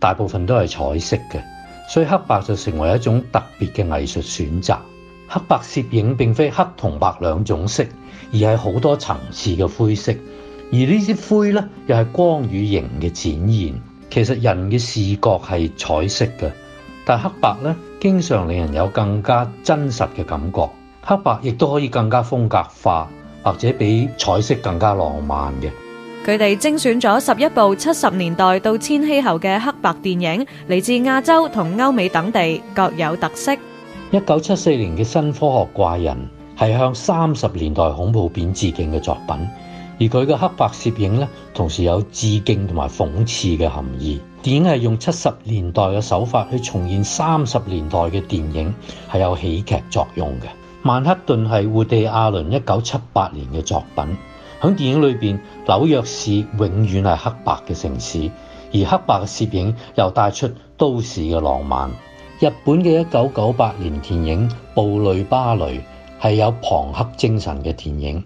大部分都係彩色嘅，所以黑白就成為一種特別嘅藝術選擇。黑白攝影並非黑同白兩種色，而係好多層次嘅灰色。而呢啲灰咧，又係光與形嘅展現。其實人嘅視覺係彩色嘅，但黑白咧，經常令人有更加真實嘅感覺。黑白亦都可以更加風格化，或者比彩色更加浪漫嘅。佢哋精選咗十一部七十年代到千禧後嘅黑白電影，嚟自亞洲同歐美等地，各有特色。一九七四年嘅新科學怪人係向三十年代恐怖片致敬嘅作品，而佢嘅黑白攝影呢，同時有致敬同埋諷刺嘅含義。電影係用七十年代嘅手法去重現三十年代嘅電影，係有喜劇作用嘅。曼克頓係活地亞倫一九七八年嘅作品。喺電影裏邊，紐約市永遠係黑白嘅城市，而黑白嘅攝影又帶出都市嘅浪漫。日本嘅一九九八年電影《布雷巴雷》係有龐克精神嘅電影，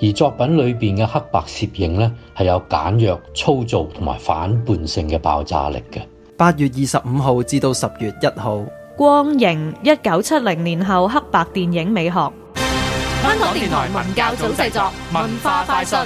而作品裏邊嘅黑白攝影呢，係有簡約、粗糙同埋反叛性嘅爆炸力嘅。八月二十五號至到十月一號，光影。一九七零年後黑白電影美學。香港電台文教組製作《文化快訊》。